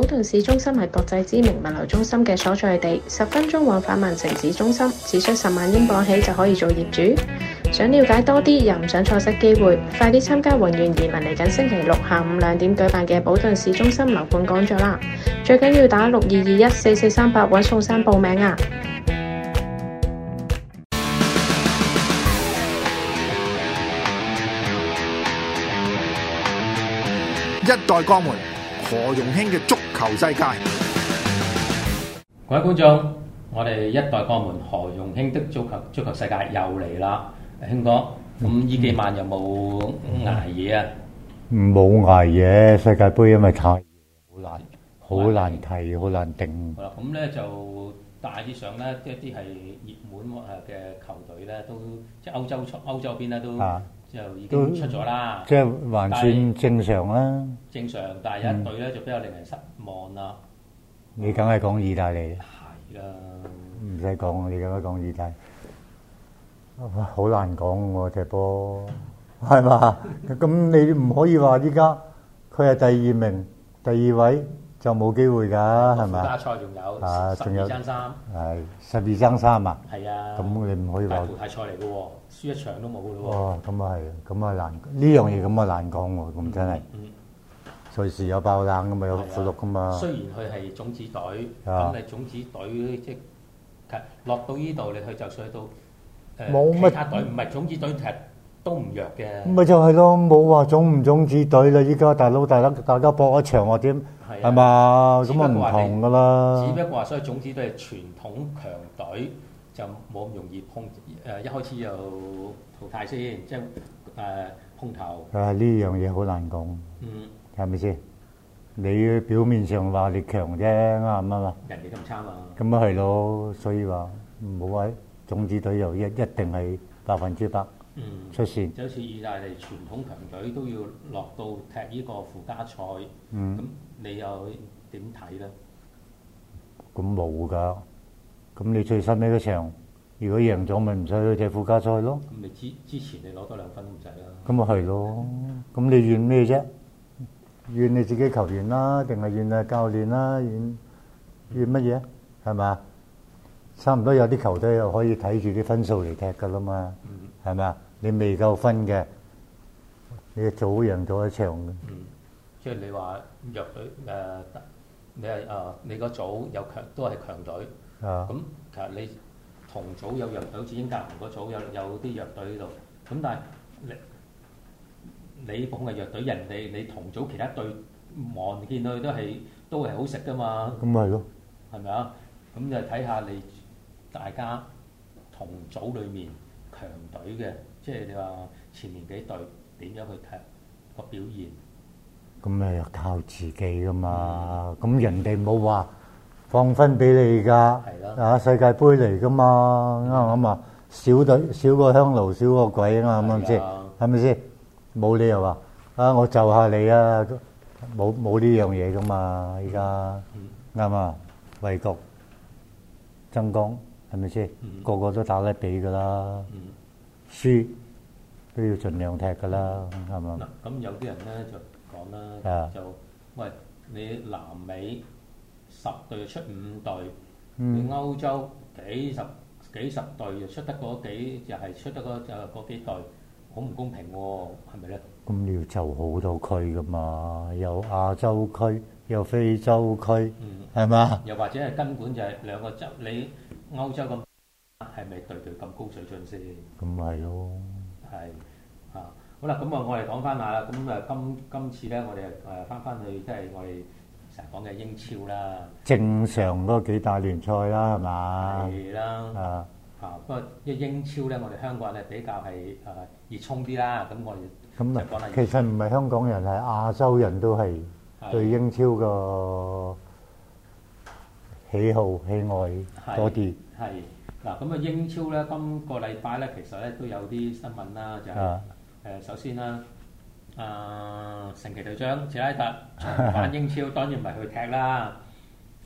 保頓市中心係國際知名物流中心嘅所在地，十分鐘往返曼城市中心，只需十萬英鎊起就可以做業主。想了解多啲又唔想錯失機會，快啲參加宏源移民嚟緊星期六下午兩點舉辦嘅保頓市中心樓盤講座啦！最緊要打六二二一四四三八搵宋生報名啊！一代鋼門。何容興嘅足球世界，各位觀眾，我哋一代鋼門何容興的足球足球世界又嚟啦，興哥，咁呢幾晚有冇捱夜啊？冇捱夜，世界杯因為太好難好難睇，好難頂。咁咧就大致上咧，一啲係熱門誒嘅球隊咧，都即係歐洲出歐洲邊咧都。就已經出咗啦，即係還算正常啦。正常，但係一隊咧、嗯、就比較令人失望啦。你梗係講意大利啦，係啦，唔使講，你而家講意大，好難講喎踢波，係嘛？咁 你唔可以話依家佢係第二名、第二位，就冇機會㗎，係咪啊？附加賽仲有，十二爭三，係十二爭三啊！係啊，咁你唔可以話淘汰賽嚟嘅喎，輸一場都冇嘅喎。哦，咁啊係，咁啊難講，呢樣嘢咁啊難講喎，咁真係。嗯，隨時有爆冷嘅嘛，有符碌嘅嘛。雖然佢係種子隊，咁你種子隊即係落到依度，你去就算到誒其他隊，唔係種子隊踢都唔弱嘅。咪就係咯，冇話種唔種子隊啦！依家大佬大佬，大家搏一場我點？係嘛？咁啊唔同噶啦。只不過話，所以種子都係傳統強隊，就冇咁容易碰誒，一開始就淘汰先，即係誒碰頭。誒呢樣嘢好難講。嗯。係咪先？你表面上話你強啫，啱唔啱啊？人哋都唔差嘛。咁啊係咯，所以話唔好話種子隊又一一定係百分之百。嗯、出線事就好似意大利傳統強隊都要落到踢呢個附加賽，咁、嗯、你又點睇咧？咁冇㗎，咁你最慘呢嘅場？如果贏咗咪唔使去踢附加賽咯。咁、嗯、你之之前你攞多兩分唔使啦。咁咪係咯，咁你怨咩啫？怨你自己球員啦，定係怨你教練啦，怨怨乜嘢啊？係咪啊？差唔多有啲球隊又可以睇住啲分數嚟踢㗎啦嘛，係咪啊？你未夠分嘅，你組贏咗一場嘅。嗯，即係你話弱隊誒、呃，你係誒、呃、你個組有強都係強隊。啊、嗯，咁其實你同組有弱隊，好似英格蘭嗰組有有啲弱隊喺度。咁但係你你捧嘅弱隊，人哋你同組其他隊望見到佢都係都係好食㗎嘛。咁咪咯，係咪啊？咁、嗯、就睇、是、下你大家同組裡面強隊嘅。即係你話前年幾代點樣去踢個表現？咁咪靠自己㗎嘛？咁人哋冇話放分俾你㗎。係啦，啊世界盃嚟㗎嘛？啱唔啱啊？少隊少個香爐，少個鬼啊嘛？先，係咪先？冇理由話啊！我就下你啊！冇冇呢樣嘢㗎嘛？而家啱啊！為國爭光係咪先？個個都打得比㗎啦，輸，都要盡量踢噶啦，係嘛？嗱，咁有啲人咧就講啦，就喂你南美十隊出五隊，你歐洲幾十幾十隊就出得嗰幾，就係出得嗰就嗰幾隊，好唔公平喎，係咪咧？咁你要就好多區噶嘛，有亞洲區，有非洲區，係嘛？又或者係根本就係兩個洲，你歐洲咁係咪對佢哋咁高水準先？咁咪係咯。係啊，好啦，咁啊，我哋講翻下啦。咁啊，今今次咧，我哋誒翻翻去，即係我哋成日講嘅英超啦。正常嗰幾大聯賽啦，係嘛？係啦。啊啊，不過因為英超咧，我哋香港人咧比較係誒熱衷啲啦。咁我哋咁嚟講，其實唔係香港人，係亞洲人都係對英超個喜好喜愛多啲。係。嗱，咁啊英超咧，今個禮拜咧，其實咧都有啲新聞啦，就係誒首先啦，啊，神奇隊長謝拉特重返英超，當然唔係去踢啦，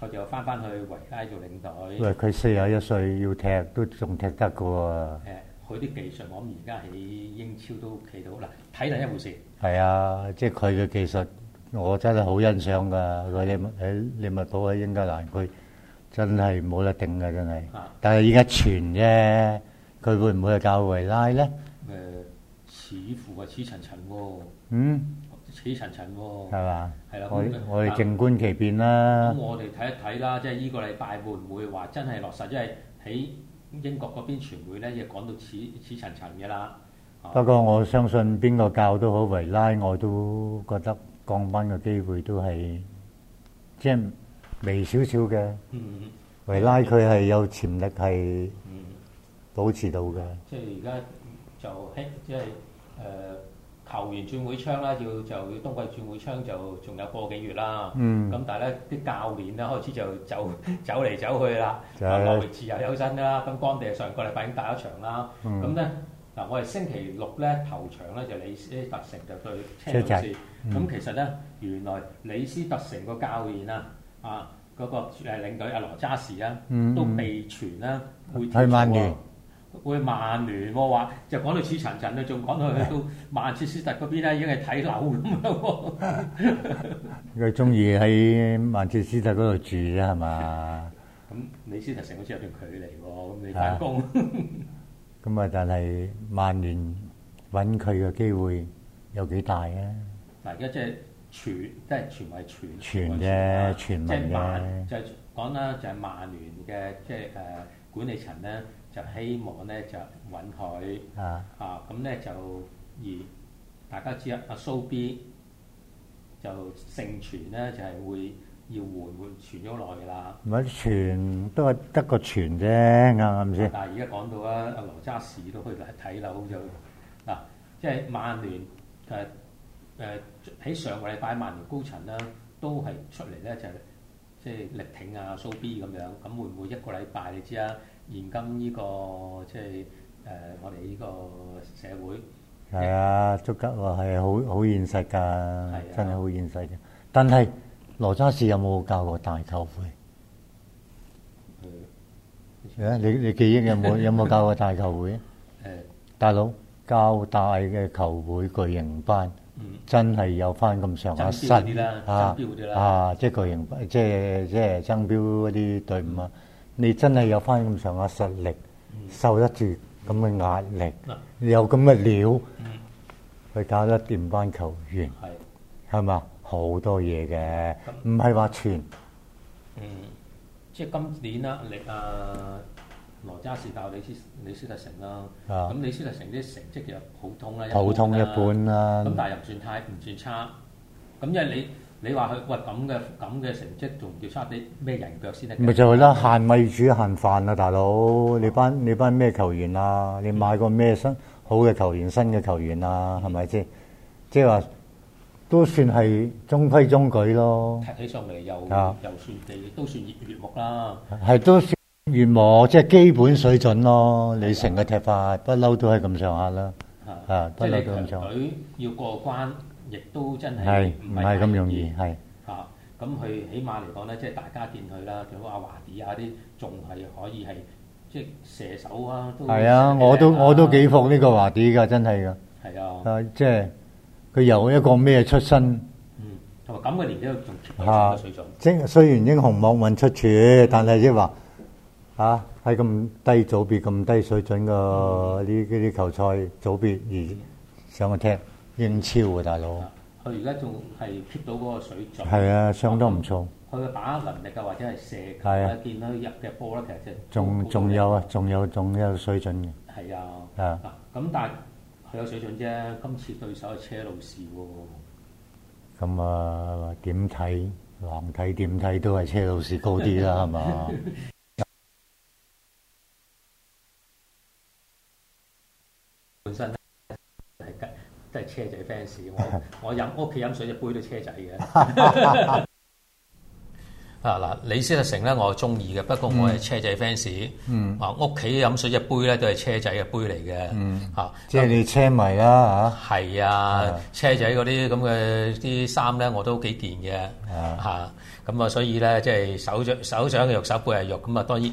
佢就翻翻去維拉做領隊。佢四十一歲要踢都仲踢得嘅喎。誒，佢啲技術，我諗而家喺英超都企到，嗱，睇嚟一回事。係啊，即係佢嘅技術，我真係好欣賞㗎。佢喺利物浦喺英格蘭，佢。真係冇得定㗎，真係。啊、但係依家傳啫，佢會唔會係教維拉咧？誒、呃，似乎係似層層喎。嗯？似層層喎。係嘛吧？係啦、啊。我、嗯、我哋靜觀其變啦。咁、嗯、我哋睇一睇啦，即係呢個禮拜會唔會話真係落實？因為喺英國嗰邊傳媒咧，亦講到似似層層嘅啦。啊、不過我相信邊個教都好，維拉我都覺得降班嘅機會都係即係。即微少少嘅，維、嗯、拉佢係有潛力係保持到嘅。即係而家就即係誒球員轉會窗啦，要就要冬季轉會窗就仲有個幾月啦。咁、嗯、但係咧啲教練啊，開始就走走嚟走去啦，落嚟、就係、自由有身啦。咁干地上個禮拜已經打咗場啦。咁咧嗱，我哋星期六咧頭場咧就李斯特城就對車路士。咁其實咧，原來李斯特城個教練啊～、嗯啊！嗰個誒領隊阿羅渣士咧都未傳啦，會去曼聯，會曼聯喎話，就講到似層層咧，仲講到去到曼徹斯特嗰邊咧，已經係睇樓咁樣喎。佢中意喺曼徹斯特嗰度住啦，係嘛？咁李斯特城好似有段距離喎，咁你返工。咁啊，但係曼聯揾佢嘅機會有幾大咧？大家即係。傳即係傳為傳，傳嘅傳聞嘅。即曼就講啦，全就係曼聯嘅即係誒管理層咧，就希望咧就允許啊啊咁咧就而大家知啦，阿蘇 B 就盛傳咧就係會要換換傳咗耐啦。唔係傳都係得個傳啫，啱唔啱先？嗱，而家講到啦，阿羅渣士都去嚟睇樓就嗱，即係曼聯誒。誒喺上個禮拜曼聯高層咧都係出嚟咧就即係力挺啊蘇 B 咁樣，咁會唔會一個禮拜你知啊？現今呢個即係誒我哋呢個社會係啊，足夠啊，係好好現實㗎，真係好現實嘅。但係羅渣士有冇教過大球會？誒，你你記憶有冇有冇教過大球會啊？誒，大佬教大嘅球會巨型班。真係有翻咁上下實力啦啊啊！即係個型，即係即係爭標嗰啲隊伍啊！你真係有翻咁上下實力，受得住咁嘅壓力，有咁嘅料去搞得掂班球員，係咪啊？好多嘢嘅，唔係話全。嗯，即係今年啦，你啊。羅渣士教李斯李斯特城啦，咁李斯特城啲成績又普通啦，普通一般啦。咁但係又唔算太唔算差，咁因為你你話佢喂咁嘅咁嘅成績仲要差啲咩人腳先得？咪就係啦，限米煮限飯啊，大佬！你班你班咩球員啊？你買過咩新好嘅球員新嘅球員啊？係咪先？即係話都算係中規中矩咯。踢起上嚟又又算地都算熱血目啦。係都。越冇即係基本水準咯，你成個踢法不嬲都係咁上下啦，啊不嬲都咁上下。即係佢要過關，亦都真係唔係咁容易。係啊，咁佢起碼嚟講咧，即係大家見佢啦，譬如阿華迪啊啲，仲係可以係即係射手啊。係啊，我都我都幾服呢個華迪㗎，真係㗎。係啊，誒即係佢由一個咩出身？嗯，咁嘅年紀仲係咁嘅水準。英雖然英雄莫問出處，但係即係話。啊！喺咁低組別、咁低水準嘅呢啲呢啲球賽組別而上去踢英超嘅大佬，佢而家仲係 keep 到嗰個水準。係啊，相當都唔錯。佢嘅把握能力啊，或者係射球啊，見到入嘅波咧，其實即係仲仲有啊，仲有仲有水準嘅。係啊。啊。嗱，咁但係佢有水準啫。今次對手係車路士喎。咁啊，點睇？橫睇點睇都係車路士高啲啦，係嘛？都係車仔 fans，我我飲屋企飲水隻杯都車仔嘅。啊嗱，李斯特城咧，我中意嘅，不過我係車仔 fans。嗯，啊屋企飲水隻杯咧都係車仔嘅杯嚟嘅。嗯，啊即係你車迷啦嚇。係、嗯、啊，啊啊車仔嗰啲咁嘅啲衫咧我都幾件嘅嚇。咁啊，啊，啊，所以咧即係手掌手掌肉手背係肉。咁啊，當然。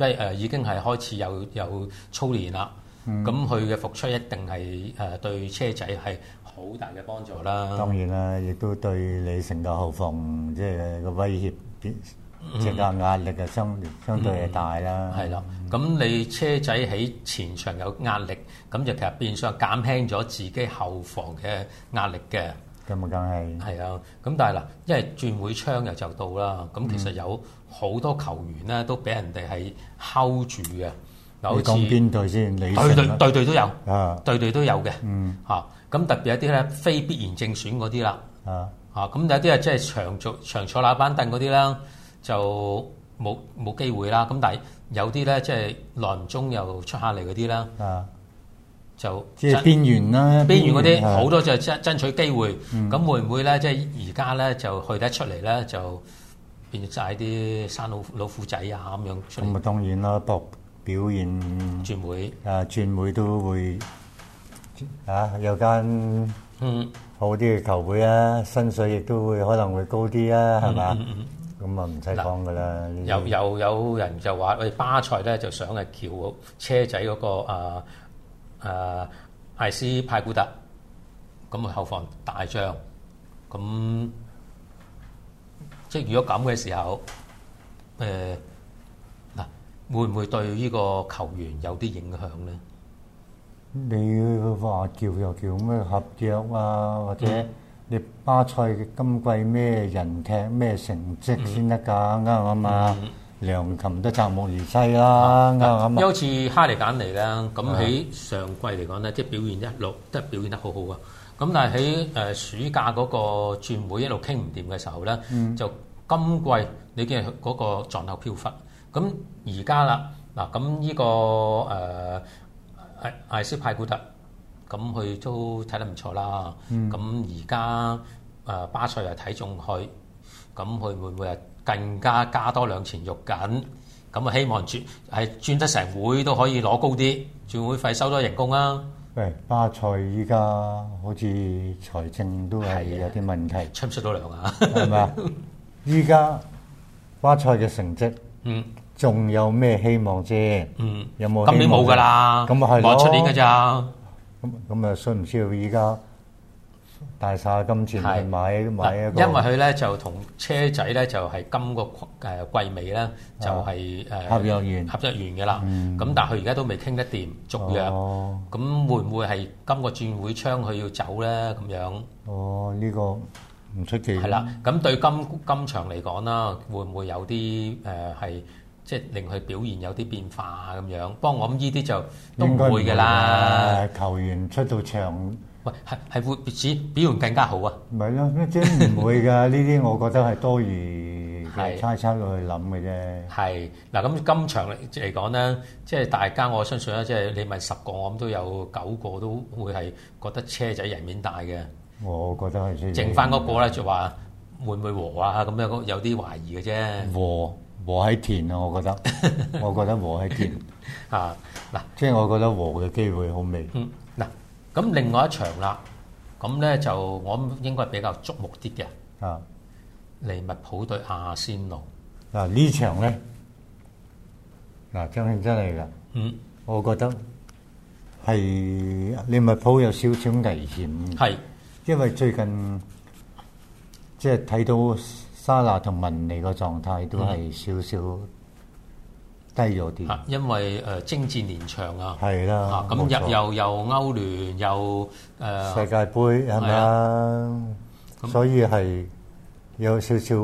即係誒已經係開始有有操練啦，咁佢嘅復出一定係誒對車仔係好大嘅幫助啦。當然啦，亦都對你成個後防即係個威脅，即係壓力啊相相對係大啦。係啦，咁你車仔喺前場有壓力，咁就其實變相減輕咗自己後防嘅壓力嘅。咁梗係係啊！咁但係嗱，因為轉會窗又就到啦，咁、嗯、其實有好多球員咧都俾人哋係睺住嘅。嗱，好似邊隊先？隊隊隊隊都有，隊隊、啊、都有嘅。嚇、嗯！咁、啊、特別一啲咧，非必然正選嗰啲啦。嚇！嚇！咁有啲啊，即係、啊嗯啊、長坐長坐那班凳嗰啲啦，就冇冇機會啦。咁但係有啲咧，即係耐唔中又出下嚟嗰啲咧。啊就即係邊緣啦，邊緣嗰啲好多就爭爭取機會，咁會唔會咧？即係而家咧就去得出嚟咧，就變曬啲生老老虎仔啊咁樣出嚟。咁啊，當然啦，博表現轉會啊，轉會都會啊有間嗯好啲嘅球會啊，薪水亦都會可能會高啲啊，係嘛？咁啊，唔使講噶啦。又又有人就話：喂巴塞咧就想係撬車仔嗰個啊。誒，艾、啊、斯派古特，咁後防大將，咁即係如果咁嘅時候，誒、呃、嗱、啊，會唔會對呢個球員有啲影響咧？你話叫又叫咩合約啊？或者你巴塞嘅今季咩人踢咩成績先得㗎？啱啱啊？吧良禽都擇木而棲啦，咁。又好似哈利簡尼咧，咁喺上季嚟講咧，即係是是 表現一路都表現得好好啊。咁但係喺誒暑假嗰個轉會一路傾唔掂嘅時候咧，嗯、就今季你見嗰個狀態飄忽。咁而家啦，嗱咁呢個誒艾、呃、艾斯派古特，咁佢都睇得唔錯啦。咁而家誒巴塞又睇中佢。咁佢會唔會係更加加多兩錢肉緊？咁啊希望轉係轉得成會都可以攞高啲轉會費收咗人工啊！誒，巴塞依家好似財政都係有啲問題，出唔出到糧啊？係咪啊？依家巴塞嘅成績， 嗯，仲有咩希望啫？嗯，有冇今年冇㗎啦？咁啊係咯，出年㗎咋？咁咁啊，需唔需要依家～大曬金錢去買買一個，因為佢咧就同車仔咧就係今個誒季尾啦，就係誒合約完合約完嘅啦。咁但係佢而家都未傾得掂續約，咁會唔會係今個轉會窗佢要走咧？咁樣哦，呢個唔出奇。係啦，咁對今今場嚟講啦，會唔會有啲誒係即係令佢表現有啲變化咁樣？不過我諗呢啲就應該唔會嘅啦。球員出到場。喂，係係活只表現更加好啊。唔係咯，真唔會㗎。呢啲我覺得係多餘嘅猜測去諗嘅啫。係嗱，咁今場嚟嚟講咧，即係大家我相信咧，即係你問十個，我諗都有九個都會係覺得車仔人面大嘅。我覺得係。剩翻嗰個咧就話會唔會和啊？咁有有啲懷疑嘅啫。和和喺田啊，我覺得，我覺得和喺田啊。嗱，即係我覺得和嘅機會好微。咁另外一場啦，咁咧就我應該比較觸目啲嘅，啊，利物浦對阿仙奴，嗱呢場咧，嗱張慶真係㗎，嗯，我覺得係利物浦有少少危險，係，因為最近即係睇到沙拿同文尼個狀態都係少少。低咗啲，因為誒征戰連場啊，係啦，咁又又歐聯又誒、呃、世界盃係咪啊？的的所以係有少少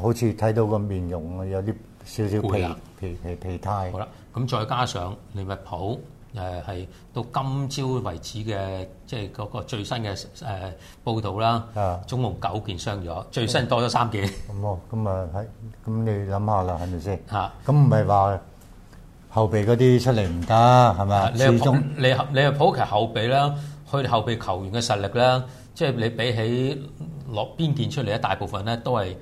好似睇到個面容有啲少少疲疲疲疲態。了好啦，咁再加上利物浦。誒係到今朝為止嘅，即係嗰個最新嘅誒報道啦，的總共九件傷咗，最新多咗三件。咁咯，咁啊喺，咁你諗下啦，係咪先？嚇的！咁唔係話後備嗰啲出嚟唔得，係咪？你始終你你話普及後備啦，佢後備球員嘅實力啦，即係你比起落邊件出嚟咧，大部分咧都係。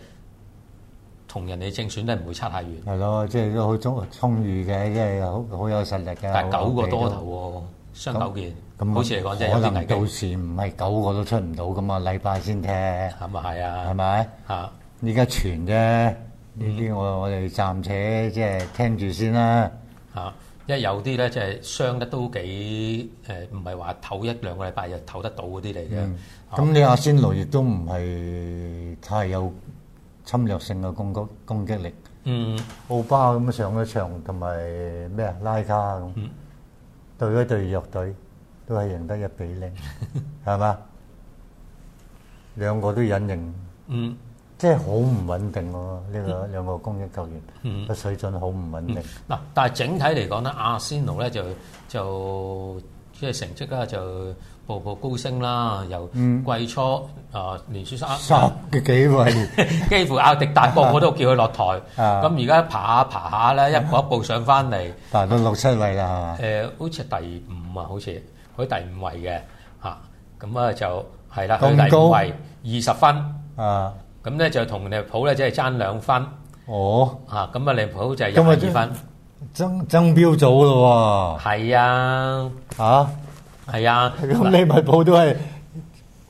同人哋正選都唔會差太遠。係咯，即係都好充充裕嘅，即係好好有實力嘅。但係九個多頭喎，雙九件，好似嚟講即係。可能到時唔係九個都出唔到咁嘛，禮拜先聽。咁啊係啊，係咪？啊，依家傳啫，呢啲我我哋暫且即係聽住先啦。因為有啲咧即係傷得都幾誒，唔係話唞一兩個禮拜就唞得到嗰啲嚟嘅。咁你阿仙奴亦都唔係太有。侵略性嘅攻擊攻擊力，嗯，奧巴咁上咗場同埋咩啊拉卡咁對一對弱隊，都係贏得一比零，係嘛？兩個都隱形，嗯，即係好唔穩定喎。呢個兩個攻擊球員，個水準好唔穩定。嗱，但係整體嚟講咧，阿仙奴咧就就。即係成績啦，就步步高升啦。由季初啊，連輸三十嘅幾位，幾乎阿迪達個個都叫佢落台。咁而家爬下爬下咧，一步一步上翻嚟，爬到六七位啦。誒，好似第五啊，好似佢第五位嘅嚇。咁啊就係啦，喺第五位二十分啊。咁咧就同利普咧，即係爭兩分。哦，嚇咁啊，利普就係一分二分。爭爭標組咯喎！係啊！嚇，係啊！咁、啊、利物浦都係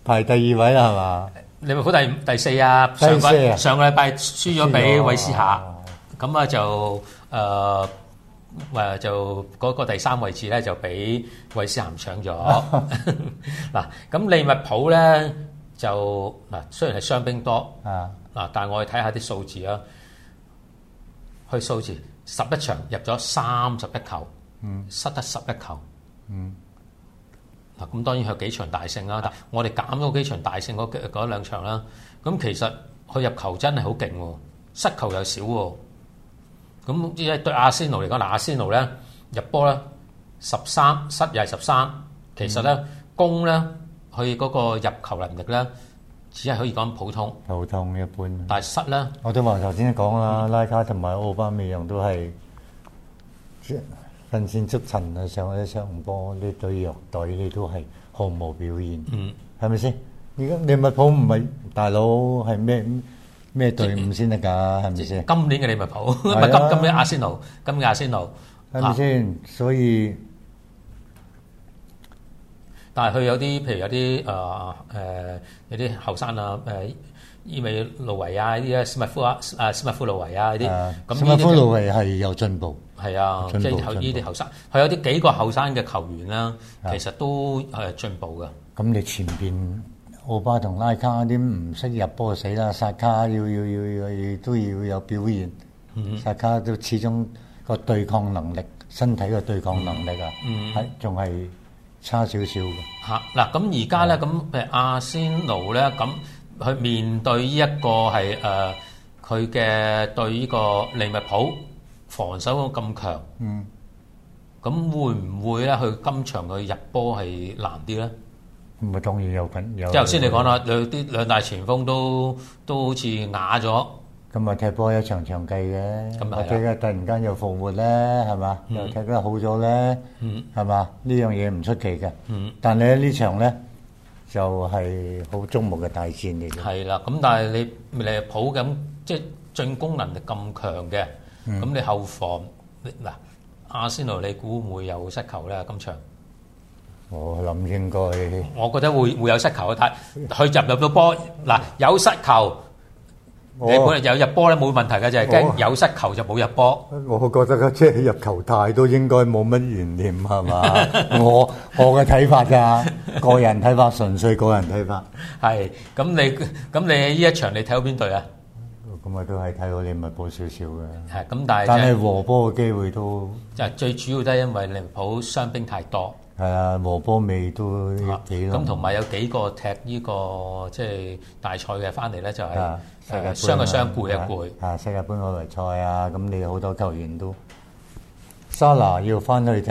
排第二位啦，係嘛？利物浦第四，啊、第四啊，上個上個禮拜輸咗俾韋斯咸，咁啊就誒誒、呃、就嗰個第三位置咧就俾韋斯咸搶咗。嗱，咁利物浦咧就嗱，雖然係傷兵多啊，嗱，但我哋睇下啲數字啊，去數字。十一場入咗三十一球，失得十一球。嗱，咁當然佢幾場大勝啦。但係我哋減咗幾場大勝嗰嗰兩場啦。咁其實佢入球真係好勁喎，失球又少喎。咁即係對阿仙奴嚟講，阿仙奴咧入波咧十三，失又係十三。其實咧攻咧，佢嗰個入球能力咧。只係可以講普通，普通一般。但係失咧，我都話頭先講啦，拉卡同埋奧巴梅揚都係近線積塵啊，上一場波啲隊弱隊咧都係毫無表現，嗯，係咪先？而家利物浦唔係大佬係咩咩隊伍先得㗎？係咪先？今年嘅利物浦唔係今今年阿仙奴，今年阿仙奴係咪先？所以。但係佢有啲，譬如有啲誒誒有啲後生啊，誒伊美路維啊，呢啲啊，史密夫啊，啊史密夫路維啊，呢啲。史密夫路維係有進步。係啊，步即係呢啲後生，佢步有啲幾個後生嘅球員啦，其實都係進步嘅。咁、嗯、你前面奧巴同拉卡啲唔識入波死啦，薩卡要要要要，要，要都要有表現。薩、嗯、卡都始終個對抗能力、身體嘅對抗能力啊，係仲係。嗯差少少嘅嚇嗱，咁而家咧，咁誒，阿仙奴咧咁，佢面對依一個係誒，佢嘅對依個利物浦防守咁強，嗯，咁會唔會咧去今場去入波係難啲咧？唔係當然有份。即係頭先你講啦，兩啲兩大前鋒都都好似啞咗。咁啊，踢波一場場計嘅，或者佢突然間又復活咧，係嘛？又踢得好咗咧，係嘛？呢樣嘢唔出奇嘅。但係咧，呢場咧就係好矚目嘅大戰嚟嘅。係啦，咁但係你你係抱緊，即係進攻能力咁強嘅，咁你後防，嗱，阿仙奴，你估唔會有失球咧？今場我諗應該，我覺得會會有失球嘅。但係佢入入到波，嗱，有失球。我你本嚟有入波咧，冇問題嘅，就係驚有失球就冇入波。我覺得即係入球太都應該冇乜懸念，係嘛？ 我我嘅睇法噶，就是， 個人睇法純粹個人睇法。係咁你咁你呢一場你睇到邊隊啊？咁咪都係睇到利物浦少少嘅。係咁，但係但係和波嘅機會都就最主要都係因為利物浦傷兵太多。係啊，荷波味都幾咁同埋有幾個踢呢、呢個即係大賽嘅翻嚟咧，就係誒傷嘅傷，攰一攰。啊，世界杯外圍賽啊，咁你好多球員都 Sala 要翻去踢，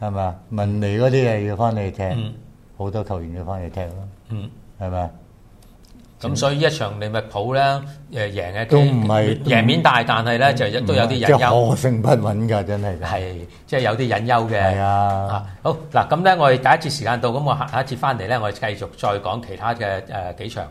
係咪啊？文尼嗰啲係要翻去踢，好、嗯、多球員要翻去踢咯，係咪、嗯？咁、嗯、所以呢一場利物浦咧誒贏嘅都唔不係贏面大，都 但係咧就亦都不有啲隱憂，即係勝不穩㗎，真係係即係有啲隱憂嘅。係啊，好嗱，咁咧我哋第一節時間到，咁我下下一節翻嚟咧，我哋繼續再講其他嘅誒、呃、幾場。